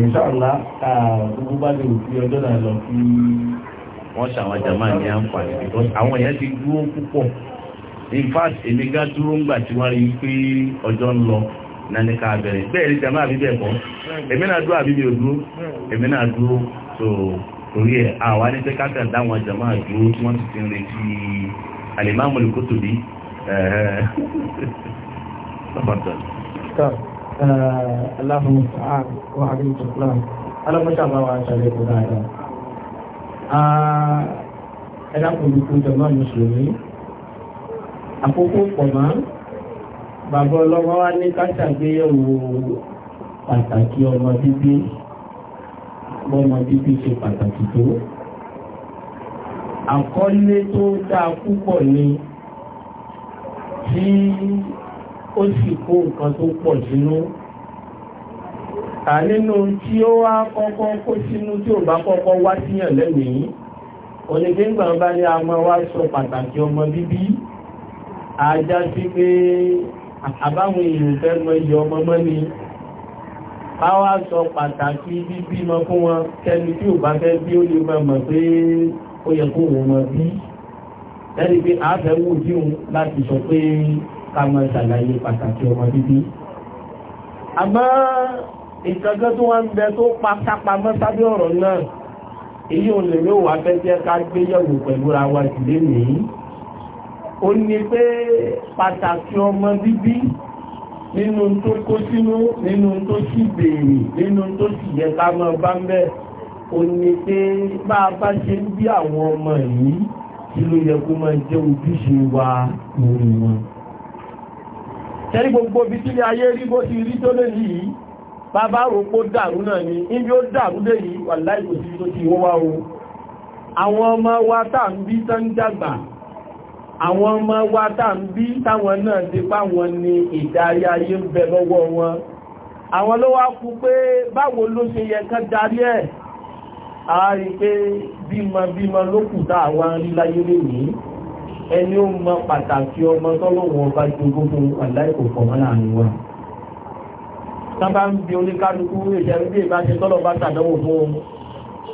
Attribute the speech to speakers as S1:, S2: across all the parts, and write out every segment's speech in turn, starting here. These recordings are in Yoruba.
S1: ìṣàlá gbogbo bá lè fi ọjọ́ náà wọ́n ṣàwọn jama ní àǹfààní because àwọn èèyàn ti dúró púpọ̀ in fact èmi gá dúró ńgbà tí wọ́n rí pé ọjọ́ ń lọ nani ká bẹ̀rẹ̀ bẹ́ẹ̀ rí jama àbí bẹ́ẹ̀ kọ́ èmi náà dúró àbí mi ò dúró èmi náà dúró so torí ẹ̀ àwa ní káfíà dáwọn jama dúró tí wọ́n ti ti ń retí alimami olùkótó bí aláhùn ààrùn wà ní ìtùkúláàrùn alámọ́ṣà bá wà ṣàlẹ̀ kò dáadáa ẹ̀dá kòlùkù jọmọ́ mùsùlùmí àkókò pọ̀mọ́ bàbá ọlọ́wọ́ wá ní káṣàgbéyẹ̀wò pàtàkì ọmọ bíbí bọ́mọ bíbí ṣe pàtàkì tó àkọlé tó dáa púpọ̀ ni tí ó sì kó nǹkan tó pọ̀ sínú ànínú tí ó wá kọ́kọ́ kó sínú tí ò bá kọ́kọ́ wá síyàn lẹ́mìí onígbéǹgbà bá ní a máa wá sọ pàtàkì ọmọ bíbí ajá sí pé àbáwọn èèyàn fẹ́ mọ iye ọmọ mọ́ ni a wá sọ pàtàkì bíbí mọ fún wọn kẹni tí ò bá fẹ́ bí ó lè máa mọ̀ pé ó yẹ kó wọ́n mọ̀ bí lẹ́ni pé a fẹ́ wù láti sọ pé ká máa ṣàlàyé pàtàkì ọmọ bíbí àmọ́ ìkankan tó wá ń bẹ tó pa sápamọ́ sábẹ́ ọ̀rọ̀ náà èyí ò lè lówó abẹ́jẹ́ ká gbé yẹ̀wò pẹ̀lú ra wa ìdílé nìyí ó ní pé pàtàkì ọmọ bíbí nínú tó kó sínú nínú tó sì béèrè nínú tó sì yẹ ká mọ́ bá ń bẹ́ ó ní pé bá a bá ṣe ń bí àwọn ọmọ yìí kí ló yẹ kó máa jẹ́ ojúṣe wa lórí wọn tẹ́rí gbogbo bí tí ayé rí bó ti rí tó lè ní yìí bàbá ròpó dàrú náà ni ibi ó dàrú lè yìí wà láìkò sí tó ti wọ́n wá o àwọn ọmọ wa tá ń bí tán dàgbà àwọn ọmọ wa tá ń bí táwọn náà ti pa wọn ni ìdarí ayé ń bẹ lọ́wọ́ wọn àwọn ló wá kú pé báwo ló ṣe yẹ kán darí ẹ̀ a rí pé bímọ bímọ ló kù tá àwọn rí láyé lè nìí ẹni ó mọ pàtàkì ọmọ tọ́lọ́wọ́n ọba jogún fún aláìkò fọmọ́ láàrin wa sábà ń bi oníkálukú ìṣẹ́rí bí ìbá ṣe tọ́lọ̀ bá tàdánwò fún ohun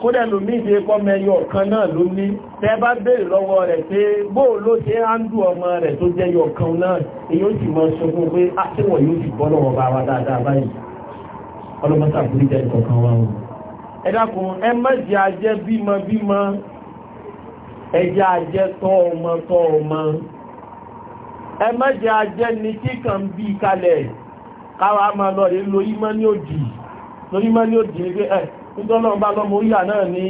S1: kódẹ̀ ló ní ìṣe pọ́ mẹyọ kan náà ló ní tẹ́ bá béèrè lọ́wọ́ rẹ̀ pé bóò ló ṣe áńdù ọmọ rẹ̀ tó jẹ́ yọ kan náà èyí ó sì mọ sọfún pé àtíwọ̀ ah, yóò sì bọ́ lọ́wọ́ bá wa dáadáa báyìí ọlọ́mọ́sàkúrí jẹ́ ìkọ̀kan wa ẹ dákun ẹ mẹ́jì ajẹ́ bímọ bímọ ẹjẹ́ ajẹ́ tọ́ ọmọ tọ́ ọmọ ẹ mẹ́jẹ́ ajẹ́ ní bí kalẹ̀ káwà ma lọ rí lórí ní òdì ní pé ẹ nítọ́lọ́ bá lọ́mọ yà náà ní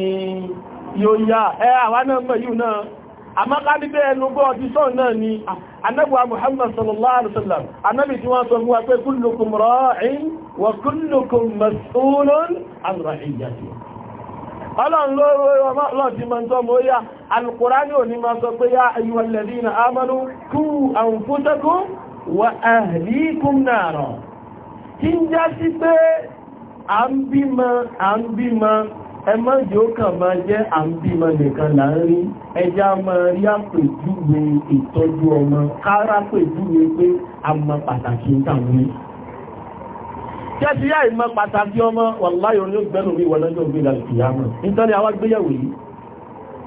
S1: yóò yá ẹ àwa náà mọ̀ yìí náà ẹnu bọ́ ọdí sọ́ọ̀ náà ni anábùwà Muhammad sallallahu alaihi wasallam alukùránì ò ní máa sọ pé yá ayyuhal ladhina amanu qu anfusakum wa ahlikum nara tí ń já sí pé à ń bímọ à ń bímọ ẹmọ́ yóò kàn máa jẹ́ à ń bímọ nìkan là ẹjá máa rí àpèjúwe ìtọ́jú ọmọ kára pèjúwe pé a mọ pàtàkì ìtàwọn kẹ́sí yá ìmọ̀ pàtàkì ọmọ wàláyọ̀ ní ó mi wọ́n lọ́jọ́ gbé lálùkìyàmọ̀ nítorí àwọn gbéyàwó yìí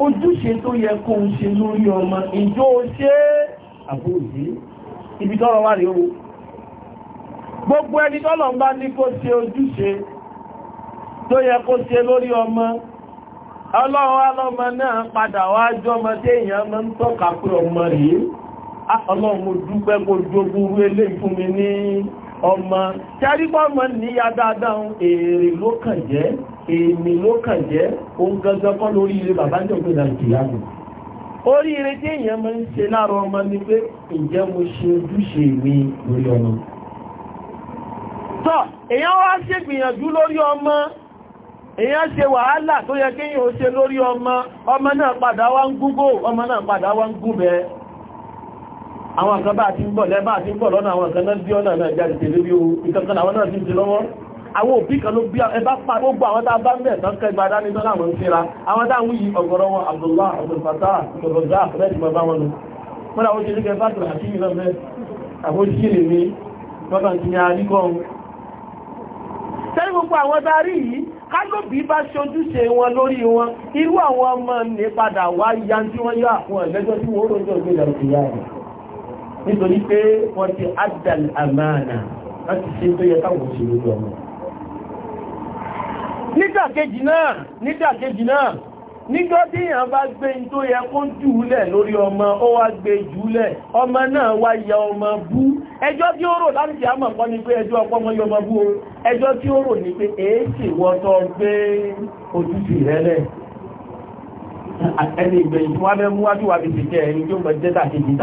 S1: ojúṣe tó yẹ kó ń ṣe lórí ọmọ ìjọ ṣe àbúrúdí ibi tọ́rọ wà rí owó gbogbo ẹni tọ́lọ̀ ń bá ní kó ṣe ojúṣe tó yẹ kó ṣe lórí ọmọ ọlọ́run alọ́mọ náà padà wá jọmọ tí èèyàn mọ́ ń tọ́ka pé ọmọ rí ah, ọlọ́run mo dúpẹ́ kó jogúrú eléyìí fún mi ní ọmọ tẹ́rí pọ́ mọ́ èrè ló jẹ́ èmi ló kàn jẹ́ ohun gangan lórí ilé bàbá jọ pé náà kìí orí ire tí èèyàn máa ń ṣe láàárọ̀ ọmọ ní pé ǹjẹ́ mo ṣe ojúṣe mi lórí ọmọ tọ́ èèyàn wá ṣe gbìyànjú lórí ọmọ ṣe wàhálà tó yẹ ṣe lórí ọmọ ọmọ náà padà wá ń ọmọ náà padà wá ń àwọn kan bá ti ń bọ̀ lẹ́bàá ti ń bọ̀ lọ́nà àwọn kan náà bí ọ̀nà náà jáde àwọn òbí kan ló bí ẹbá pa gbogbo àwọn tàbá ń bẹ̀ tán kẹgbà dání tán láwọn ń fẹ́ra àwọn táwọn yìí ọ̀gọ̀rọ̀ wọn Abdullah abdulfata ọ̀gọ̀gá rẹ̀ ti bàbá wọn lò mọ́ra ó ṣe ní kẹfà tó àti ìlọ mẹ́ àbójìlè mi lọ́nà ti ní àríkọ́n tẹ́lẹ̀ gbogbo àwọn darí yìí kálóbí bá ṣojúṣe wọn lórí wọn irú àwọn ọmọ ní padà wá ya tí wọ́n yá àwọn ẹ̀lẹ́jọ́ tí wọ́n rọ̀jọ́ ìgbéyàwó ti yá rẹ̀ nítorí pé wọ́n ti adàl àmàna láti ṣe tó yẹ táwọn òṣèlú ọmọ nígbàkejì náà nígbàkejì náà nígbà tí èèyàn bá gbé in tó yẹ kó jùúlẹ̀ lórí ọmọ ó wá gbé jùúlẹ̀ ọmọ náà wá ya ọmọ bú ẹjọ́ tí ó rò láti jẹ́ àmọ̀ kọ́ ni pé ẹjọ́ ọpọ́ ọmọ yọmọ bú o ẹjọ́ tí ó rò ní pé èéṣì wọ́n gbé ojúṣì rẹ̀lẹ̀ ẹni ìgbẹ̀yìn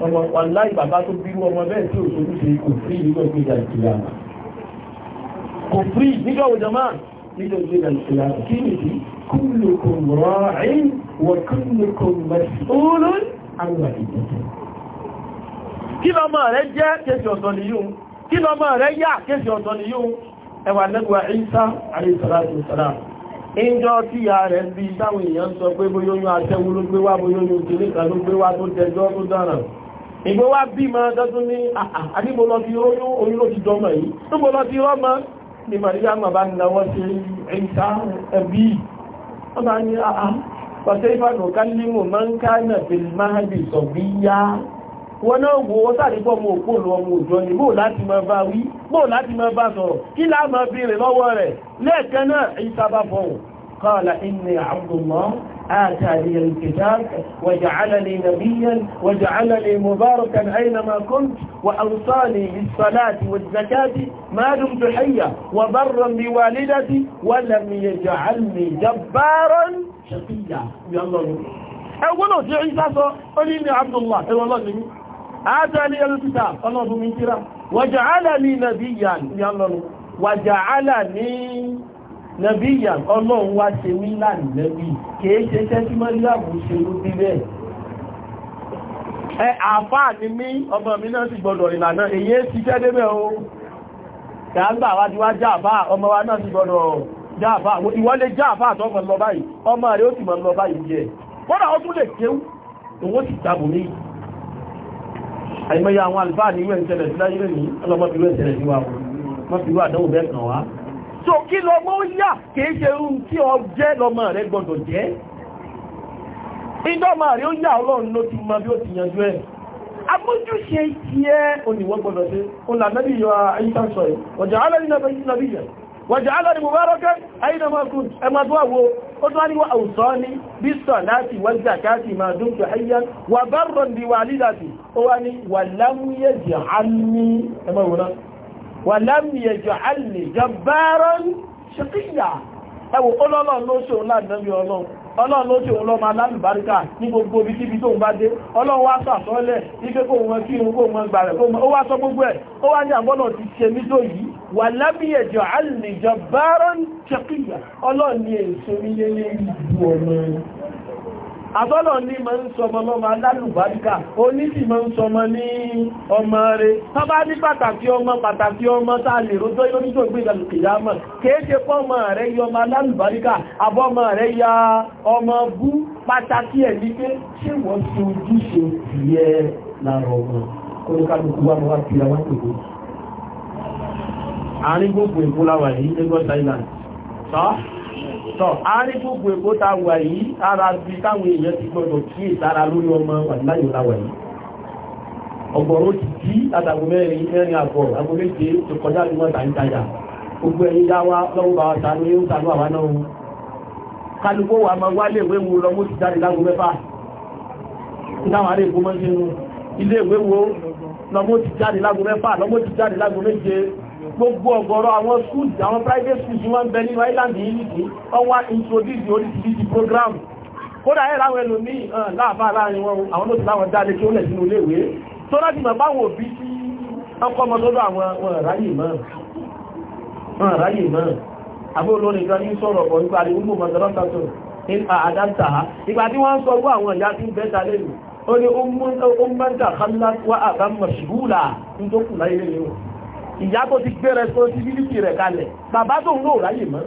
S1: ọmọ wàláì bàbá tó bírú ọmọ bẹ́ẹ̀ tí òṣèlú ṣe kò frí nígbà ìgbéga ìkìyàmà kò frí nígbà òjàmá nígbà ìgbéga ìkìyàmà kí ni sí kullukum ra'in wa kullukum mas'ulun àwọn ìgbésẹ̀ kí tí ya rẹ̀ bí táwọn èèyàn sọ pé bóyóyún aṣẹ́wó ló gbé wá bóyóyún kìlíkà ló gbé wá tó tẹjọ́ tó dára ìgbó wá bímọ dọ́dún ní àdíbòlọ́ ti róyún oyún ló ti dọmọ yìí tóbòlọ́ ti rọ́mọ ni Màríyámà bá náwọ́ ṣe ẹ̀ta ẹ̀bí ọba ní àá pàṣẹ ìfànà kálímù máa ń káànà fèlì máa bè sọ bí yá wọn náà wo ó sàrípọ̀ mọ́ òpó lọ ọmọ òjò ni bóò láti máa bá wí bóò láti máa bá sọ̀rọ̀ kí láà máa béèrè lọ́wọ́ rẹ̀ lẹ́ẹ̀kan náà ìsábàbọ̀ kọ́ọ̀lá ìnì àbùdùmọ́ آتى لي الكتاب وجعلني نبيا وجعلني مباركا أينما كنت وأوصاني بالصلاة والزكاة ما دمت حيا وبرا بوالدتي ولم يجعلني جبارا شقيا يا الله أولو أه، في عيسى قليني عبد الله أي أه، والله جميل آتى لي الكتاب الله من وجعلني نبيا يا الله وجعلني nàbí ìyàn ọlọ́run wá ṣe mí láàrin lẹ́bí kìí ṣe tẹ́ tí mọ́ríàmù ṣe ló bí bẹ́ẹ̀ ẹ àfáà ni mí ọmọ mi náà sì gbọdọ̀ ìlànà èyí ti jẹ́ débẹ̀ o kàágbà wá ti wá jáàfáà ọmọ wa náà sì gbọdọ̀ jáàfáà ìwọ́lé jáàfáà tó mọ̀ lọ báyìí ọmọ rẹ̀ ó sì mọ̀ lọ báyìí jẹ́ kódà ó tún lè kéwú owó sì tàbù ní àìmọye àwọn àlùfáà ní ìwé ìṣẹ̀lẹ̀ sí láyé lónìí ọlọ́mọ fi ìwé ìṣẹ̀lẹ̀ sí wa mọ́ fi wà dánwò bẹ́ẹ̀ kàn wá so kí lọmọ ó yà kìí ṣe ohun tí ọ jẹ́ lọmọ rẹ gbọdọ̀ jẹ́ ìdọ́mọ rẹ ó yà ọlọ́run ló ti mọ bí ó ti yanjú ẹ̀ amójúṣe ti ẹ́ oníwọ́ gbọdọ̀ sí olànàbí yọ àyíkáṣọ́ ẹ̀ wọ̀jà alẹ́rin náà bẹ́yìn nàbí yẹ̀ wọ̀jà alẹ́rin mubarakẹ́ ayinamagun ẹmàdúwàwó walam yaj'alni jabbaran shaqiyya ẹwọ ọlọ́lọ́ ló ṣe òun láàrín ọlọ́run ọlọ́run ló ṣe òun lọ́mọ alálùbáríkà ní gbogbo ibi kíbi tóun bá dé ọlọ́run wá sàtọ́lẹ̀ ipé kó jọ alìjọ bárọ̀ ṣẹkìyà ọlọ́run ni àbọ́lọ̀ ní ma ń sọmọ lọ́mọ alálùbáríkà oníṣì ma ń sọmọ ní ọmọ rẹ̀ tọ́bá ní pàtàkì ọmọ pàtàkì ọmọ tàà lè rójọ́ yóníjò gbé ìyàmọ̀ kéèké pọ́mọ rẹ̀ yọ ọmọ alálùbáríkà àbọ́mọ rẹ̀ ya ọmọ bú pàtàkì ẹ̀ ní pé ṣé wọ́n ti ojúṣe tọ́ àárín gbogbo èkó ta wà yìí ara bí táwọn èèyàn ti gbọdọ̀ kí ìtara lórí ọmọ wàdíláyò ta wà yìí ọgbọ̀rọ̀ ti jí àtàgbò mẹ́rin mẹ́rin àgbọ̀ àgbò méje tó kọjá ní wọ́n tàí tajà gbogbo ẹ̀yìn yá wá lọ́wọ́ bá wa tàánú yóò tàánú àwa náà wọn kálukó wa máa wálé ìwé mu gbogbo ọ̀gọ̀rọ̀ àwọn schools àwọn private schools wọ́n bẹ ní island yìí nìkú wọ́n wá introduce oríṣiríṣi program kódà ẹ̀ láwọn ẹlòmíì láàfáà láàrin wọn àwọn ló ti láwọn dáadé tí ó lẹ̀ sínú iléèwé tó láti mọ̀ báwọn òbí tí ọkọ̀ ọmọ lọ́dọ̀ àwọn ráyè mọ́ àbúrólórin kan ní sọ̀rọ̀ ọ̀pọ̀ nípa àríwúgbò mọ̀sánátàtò nípa àdáta ìgbà tí wọ́n ń sọ wọ́ àwọn ìyá tí ń bẹ́ta lẹ́nu ó ní ó mọ́ta kálá wá àbámọ̀ ṣùgbúlà ní tó kù láyé lẹ́yìn ìyá tó ti gbé responsibility rẹ̀ kalẹ̀ bàbá tó ń lò ráyè mọ́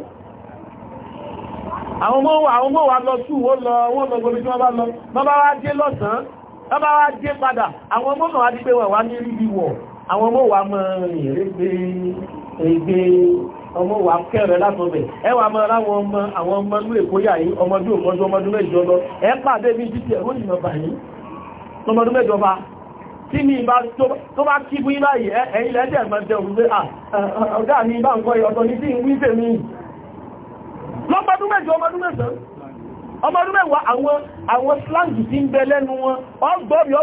S1: àwọn ọmọ wa lọ sú wọ́n lọ wọ́n lọ gbogbo tí wọ́n bá lọ bàbá wá dé lọ́sàn bàbá wá dé padà àwọn ọmọ náà wá dí pé wọ́n wá ní rí bí wọ̀ àwọn ọmọ wa mọ́ ìrẹ́gbẹ́ ọmọ wa kẹ́rẹ̀ látọ̀bẹ̀ ẹ wà mọ́ láwọn ọmọ àwọn ọmọ ní èkó yà yìí ọmọdún òkọ́jú ọmọdún mẹ́jọ lọ ẹ pàdé bí títí ẹ̀rọ ìmọ̀ bàyí ọmọdún mẹ́jọ bá tí ní ìbá tó bá kí bú ilá yẹ ẹ̀yìn lẹ́jẹ̀ mẹ́jẹ̀ òun pé ọ̀gá ní ìbá ń kọ́ ìyọ̀tọ̀ ní tí ń wí tèmi lọ́pọ̀dún mẹ́jọ ọmọdún mẹ́sàn ọmọdún mẹ́wàá àwọn slang tí ń bẹ lẹ́nu wọn ọgbọ́bí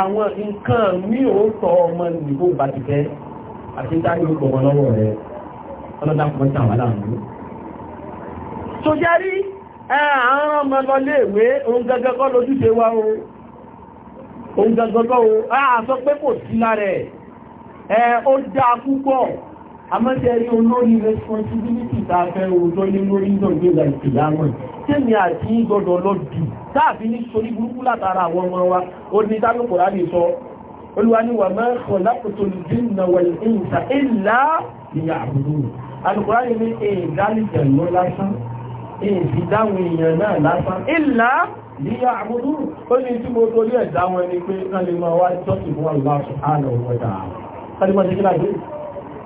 S1: àwọn nǹkan mí ò tọ́ ọmọ nìbò bá ti fẹ́ àti dárí ó gbọmọ lọ́wọ́ rẹ̀ ọlọ́dá kan tàn wà láàrin tó jẹ́rí àwọn ọmọ lọ lè wé ohun gẹ́gẹ́ kọ́ lójúṣe wá ohun gẹ́gẹ́ kọ́ àmọ́tẹ́ rí olórí responsibility ta fẹ́ òjò ní lórí ìjọ̀gbéga ìpìyàmọ̀ tèmi àti gbọdọ̀ lọ dù táàfin ní sórí burúkú látara àwọn ọmọ wa ó ní dájúkọ̀ láti sọ olúwa ní wà mẹ́kọ̀ lápòtò ìdínà wà ìsà ìlà ìyà àbúrú alùpùpù ní ní ìdálìjẹ̀ lọ lásán èsì dáwọn èèyàn náà lásán ìlà ìyà àbúrú ó ní tí mo torí ẹ̀dá wọn ni pé náà lè máa wá jọ́sìn fún àlùbáṣọ́ àlọ́ ọ̀wọ́dà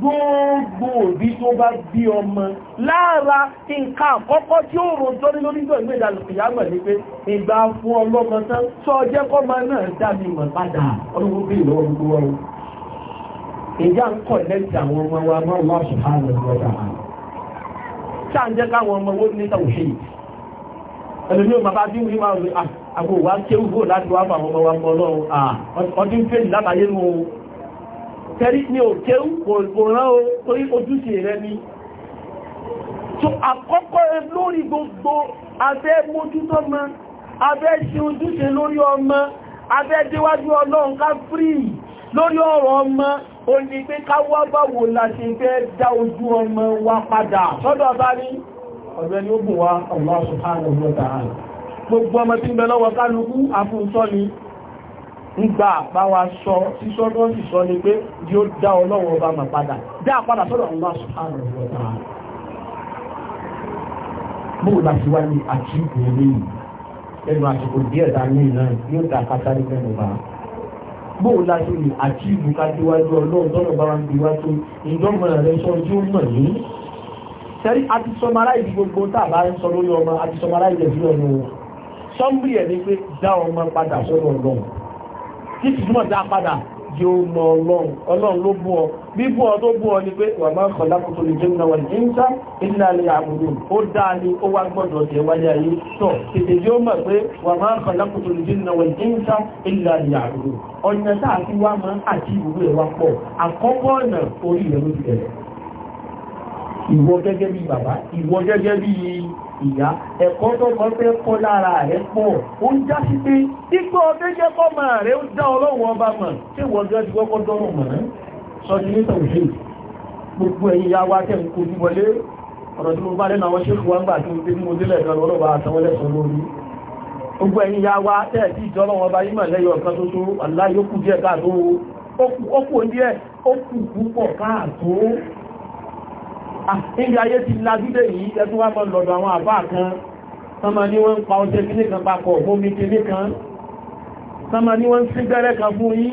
S1: gbogbo òbí tó bá bí ọmọ lára nǹkan àkọ́kọ́ tí ó rọjọ́ ní lórí ìjọ ìgbé ìdàlù ìyàmọ̀ ní pé ìgbà fún ọlọ́mọ tán sọ jẹ́ kọ́mọ náà dá mi mọ̀ padà ọlọ́wọ́ bí ìlọ́wọ́ gbogbo wọn ìjà ń kọ̀ lẹ́tì àwọn ọmọ wa mọ́ wọn ṣùgbọ́n ọ̀dà ṣáà ń jẹ́ káwọn ọmọ wọn ní tàwùṣe ẹlòmí ah, ò bàbá dínwó máa rí àgbò wá kéwú bò láti wá fún àwọn ọmọ wa mọ́ ọlọ́run ah, ọdún fèlì látàyé nù tẹ́rí ní òkéú kò rán o torí ojúṣe rẹ ni so àkọ́kọ́ lórí gbogbo abẹ́ mójútọ́ mọ́ abẹ́ ṣe ojúṣe lórí ọmọ abẹ́ déwájú ọlọ́run ká fríì lórí ọ̀rọ̀ ọmọ o ní pé ká wá báwo la ṣe fẹ́ dá ojú ọmọ wa padà sọ́dọ̀ bá ọ̀rẹ́ ni ó bùn wa Allah subhanahu wa ta'ala gbogbo ọmọ tí ń bẹ lọ́wọ́ nígbà àpáwa sọ sísọ́ tó sì sọ ni pé yóò dá ọlọ́wọ́ ọba mà padà dá padà sọ́dọ̀ Allah subhanahu wa ta'ala bóò láti wá ní àtìkù eléyìí ẹnu àsìkò díẹ̀ ta ní ìlànà yóò ta kátà ní mẹ́nu bá bóò láti ní àtìkù kájíwájú ọlọ́run tọ́nà bá wa ń gbéwájú ìjọba rẹ̀ sọ tí ó mọ̀ ní. sẹ́rí àti sọmará ìdí gbogbo tá a bá ń sọ lórí ọmọ àti sọmará ìdí ẹ̀sìn ọ̀nà sọ́mbìrì ẹ̀ ní pé dá ọmọ padà sọ́dọ̀ ọlọ́run tí ìtumọ̀ dá padà yóò mọ ọlọ́run ọlọ́run ló bú ọ bí bú ọ tó bú ọ ni pé wà máa ń kọ̀ lápòtò lè jẹun náà ní ìta ìlà ilẹ̀ àbúrò ó dáa ní ó wá gbọ́dọ̀ tẹ̀ wáyé ayé tọ̀ tètè yóò mọ̀ pé wà máa ń kọ̀ lápòtò lè jẹun náà ní ìta ìlà ilẹ̀ àbúrò ọ̀nà tá a ti wá máa ń àti ìwúrò ẹ̀ wá pọ̀ àkọ́kọ́ ọ̀nà orí rẹ̀ ti tẹ̀lẹ̀ ìwọ gẹ́gẹ́ bí bàbá ìwọ gẹ́gẹ́ bí ìyá ẹ̀kọ́ tó kọ́ fẹ́ kọ́ lára rẹ̀ pọ̀ ó ń já sí pé ipò ọdún jẹ́ kọ́ máa rẹ̀ ó dá ọlọ́run ọba mọ̀ tí wọ́n jọ ti kọ́kọ́ dọ́rùn mọ̀ sọ ní nítorí òṣèlú gbogbo ẹ̀yin ya wá tẹ́ ń kojú wọlé ọ̀rọ̀ tí mo bá lẹ́nu àwọn ṣékù wọn gbà tí mo dé ní mo délẹ̀ ìdánwò ọlọ́wà àtàwọlẹ́sọ lórí gbogbo ẹ̀yin ya wá tẹ́ tí ìjọba wọn Ah, níbi ayé ti lajúdé yìí ẹ̀tún wá mọ́ lọ́dọ̀ àwọn àbá kan sánmà ní wọ́n ń pa ọjẹ́ kìíní kan papọ̀ omi kìíní kan sánmà ní wọ́n ń sí gbẹ́rẹ́ kan fún yí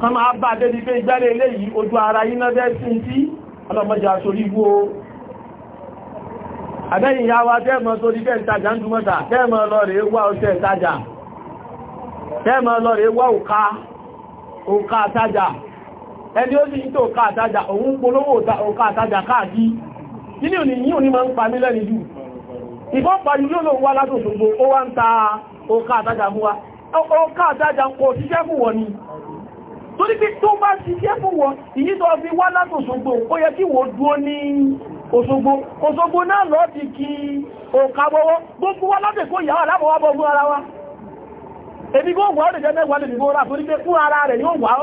S1: sánmà bá débi pé ìgbẹ́rẹ́ ilé yìí ojú ara yí náà bẹ́ sí tí ọlọ́mọdé aṣorí wó àbẹ́yìn ya wa tẹ́ẹ̀mọ́ tó dípẹ́ ìtajà ń dúmọ́ta tẹ́ẹ̀mọ́ lọ rẹ̀ wá ọṣẹ́ ìtajà tẹ́ẹ̀mọ́ lọ rẹ̀ wá òká òká ìtajà ẹni ó ní ìtò òkà àtajà òun polówó òkà àtajà káàkiri kíní òní yíò ní máa ń pa mí lẹ́ni ìbọn wá ó wá ń ta òkà àtajà fún wa òkà àtajà kò ṣiṣẹ́ fún wọn ni torí pé tó bá ṣiṣẹ́ fún wọn ìyí tó fi wá látòsògbò ó yẹ ní kí wa gbogbo ọdún jẹ́ mẹ́wàá lè ní ara rẹ̀ wà ó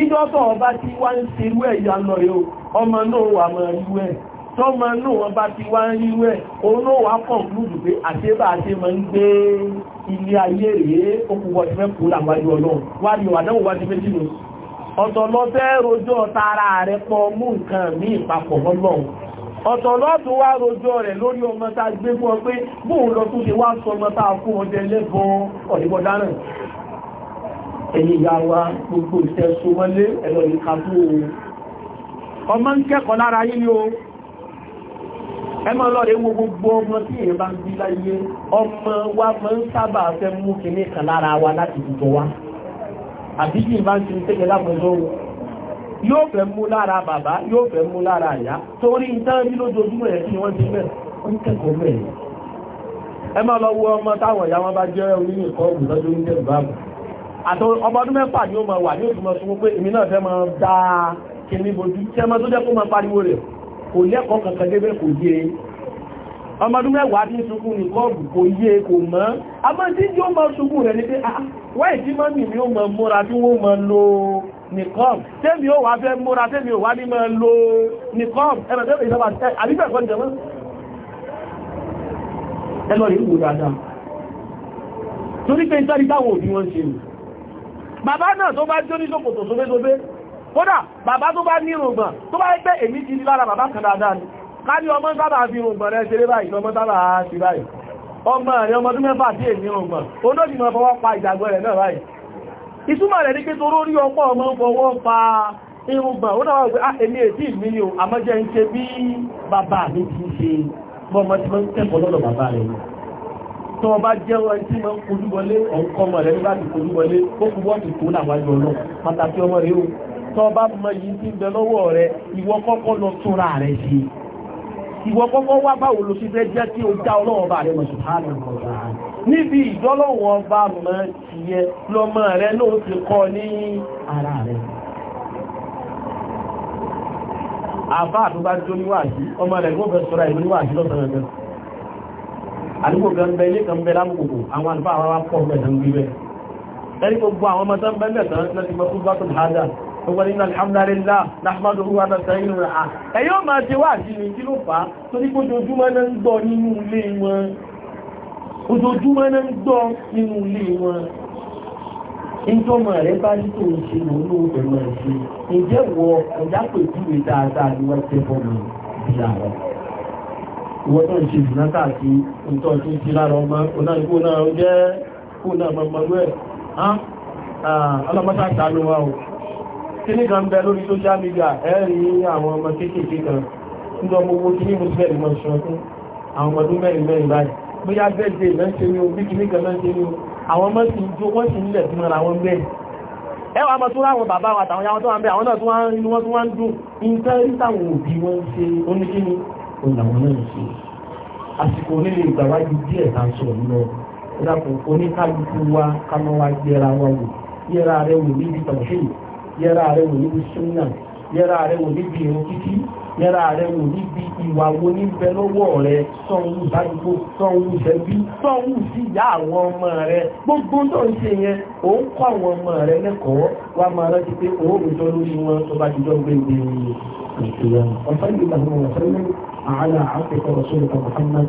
S1: ìjọ́tọ̀ ọba ti wá ń ṣerú ẹ̀ ya lọ yóò ọmọ náà wà mọ̀ irú ẹ̀ tọ́mọ náà wọ́n bá ti wá ń rí rẹ̀ òun náà wá kàn lùdù pé àṣébà àṣe máa ń gbé ilé ayé rèé okùnbọ̀ ti fẹ́ kú làwájú ọlọ́run wá ní ìwàdánwò wá ti fẹ́ jìnnà ọ̀tọ̀ lọ fẹ́ rojọ́ tara rẹ̀ pọ̀ mú nǹkan ní ìpapọ̀ ọlọ́run ọ̀tọ̀ lọ́tún wá rojọ́ rẹ̀ lórí ọmọ tá gbé fún ọ pé bóun lọ tún ṣe wá sọ ọmọ tá fún ọjẹ́ ẹni ìyá wa gbogbo ìṣẹ́ súnmọ́lé ẹ̀lọ ìkàtú ohun ọmọ ń kẹ́kọ̀ọ́ lára yí ni o ẹmọ lọ́rẹ̀ wo gbogbo ọmọ tí èyàn bá ń bí láyé ọmọ wa mọ́ ń sábà fẹ́ mú kìíní kan lára wa láti gbogbo wa àbí kí n bá ń ṣe tẹ́jẹ́ lápọ̀jọ́ yóò fẹ́ mú lára bàbá yóò fẹ́ mú lára ìyá torí ìtàn rí lójoojúmọ́ ẹ̀ tí wọ́n ti mẹ́ wọ́n kẹ́kọ̀ọ́ mẹ́rin ẹ máa lọ wo ọmọ táwọn ìyá wọn bá jẹ́ onímọ̀ ìkọ́ ògùn lọ́jọ́ oúnjẹ ìbámu àti ọmọ ọdún mẹ́fà ni ó máa wà ní oṣù mọ́ sọ pé èmi náà fẹ́ máa dá kìíní bojú tí ẹmọ tó jẹ́ kó máa pariwo rẹ̀ kò lẹ́kọ̀ọ́ kankan débẹ̀ kò yé ọmọ ọdún mẹ́wàá tí sunkún ní kọ́ọ̀bù kò yé kò mọ́ àmọ́ tí yóò máa sunkún rẹ̀ ní pé wáyé tí mọ́ mi yóò máa múra tí wọ́n máa lo nìkọ́ọ̀b tẹ́mi ó wà fẹ́ múra tẹ́mi ó wà ní máa lo nìkọ́ọ̀b ẹ̀rọ tẹ́mi ìjọba àbíbẹ̀ kọ́ ìjọba ẹ lọ rí ìwò dáadáa torí pé ìtàrí táwọn òbí wọn ṣe bàbá náà tó bá jó ní ṣòkòtò sóbésóbé kódà bàbá tó bá ní rògbọ̀n tó bá pẹ́ èmi ti ní lára bàbá kan dáadáa ni ká ní ọmọ sábà fi rògbọ̀n rẹ̀ ṣeré báyìí ọmọ sábà ti báyìí ọmọ rẹ̀ ọmọ tó mẹ́fà sí èmi rògbọ̀n olóòdì mọ́ fọwọ́ pa ìjàgbọ́ rẹ̀ náà báyìí ìtumọ̀ rẹ̀ ní pé toró rí ọpọ́ ọmọ fọwọ́ pa irúgbọ̀n ó dáwọ́ pé á ah, èmi èdí mi ni ò àmọ́jẹ́ ń ṣe bí bàbá mi ti ṣe tó wọn bá jẹ́ wọn tí wọ́n kojú wọlé ọ̀nkọ́ ọmọ rẹ̀ nígbà tí kojú wọlé ó kú bọ́ọ̀tì kó làwọn àjọ náà pàtàkì ọmọ rẹ̀ o tó bá mọ yìí tí ń bẹ lọ́wọ́ rẹ̀ ìwọ kọ́kọ́ lọ túnra rẹ̀ sí ìwọ kọ́kọ́ wá báwo ló sì fẹ́ jẹ́ kí o já ọlọ́wọ́ bá rẹ̀ mọ̀sùn níbi ìjọlọ́wọ́ bá mọ̀ tìyẹ lọ́mọ rẹ̀ ló ti kọ́ ní ara rẹ̀ àdúgbò kan bẹ ilé kan bẹ lámùkùkù àwọn àlùfáà àwọn akọ̀ ọ̀gbẹ̀ tán gbé bẹ̀ ẹni gbogbo àwọn ọmọ tán bẹ́ẹ̀ tán láti gbọ́ fún bátùn hádà gbogbo nínú alhamdulillah láhmàdù owó àtàtàyìn rẹ̀ ni kí ló fà á tó ní kó jojúmọ́ náà ń gbọ́ nínú ilé wọn ojoojúmọ́ náà ń gbọ́ nínú ilé wọn ìjọmọ̀ ìwọ́n tó ń ṣe ìdùnná káàkiri nǹkan tó ti lára ọmọ onáríkó náà jẹ́ kó náà mọ̀mọ̀lú ẹ̀ ọlọ́mọ́ta ṣàánú wa o kí ní kan bẹ lórí social media ẹ̀rí àwọn ọmọ kéékèèké kan nígbà ọmọ owó kí ní mo bẹ̀rẹ̀ mọ̀ ṣọ̀tún àwọn ọmọdún mẹ́rin mẹ́rin báyìí bóyá bẹ́ẹ̀dẹ̀ lẹ́ńṣe ní o bí kí ní kan lẹ́ńṣe ní o àwọn ọmọ sì ń jó wọ́n sì ń lẹ̀ fún ara wọn bẹ́ẹ̀ ẹwà mọ̀ tún láwọn bàbá wa àtàwọn yàwọn tó wà ń bẹ àwọn náà tún wá ń dùn nǹkan rí táwọn òbí wọn ṣe oníkíni òun làwọn náà ń ṣe àsìkò onílé ìgbàwájú díẹ̀ tá a sọ̀rọ̀ lọ ìdàpọ̀ oníkálukú wa ká mọ́ wá yẹra wa wò yẹra rẹ wò níbi tọ̀síì yẹra rẹ wò níbi súnà yẹra rẹ wò níbi irun kíkí yẹra rẹ wò níbi ìwà wo ní bẹ lọ́wọ́ rẹ sọ̀hún ìbádùgbò sọ̀hún ìṣẹ́bí sọ̀hún sí ìyá àwọn ọmọ rẹ gbogbo tó ń ṣe yẹn ò ń kọ́ àwọn ọmọ rẹ lẹ́kọ̀ọ́ wa máa rántí pé òórùn jọ lórí wọn tó bá ti jọ ọ̀fẹ́ ìgbà náà ọ̀fẹ́ lẹ́yìn على عبدك ورسولك محمد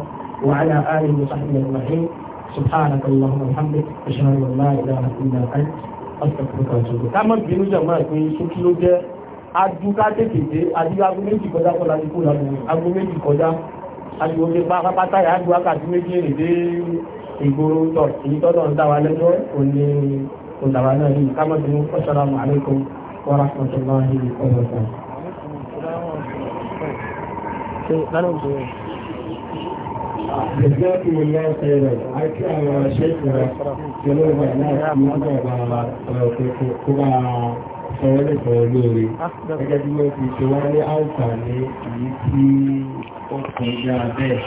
S1: وعلى آله وصحبه أجمعين سبحانك اللهم وبحمدك أشهد أن لا إله إلا أنت أستغفرك وأتوب إليك. kámọ́ bínú jàmbá ìpè sókí ló jẹ́ adúgá tètè adigun aago méjì kọjá kọlá ní kúrò lánàá aago méjì kọjá adigun oge pátápátá yà aago wákàtí méjì èrè dé ìgboro tọ̀ èyí tọ́tọ̀ ń dáwà lẹ́jọ́ òní òdàwà náà yìí kámọ́ bínú assalamu alaikum wa rahmatullahi wa barakatuh. جزاكم الله خيرا أكي على شيخنا جلوه الناس يوجد كما sọ̀rọ̀lẹ̀ sọ̀rọ̀ lóore gẹ́gẹ́ bí wọ́n ti ṣe wá ní àǹfààní èyí tí ó kọjá bẹ́ẹ̀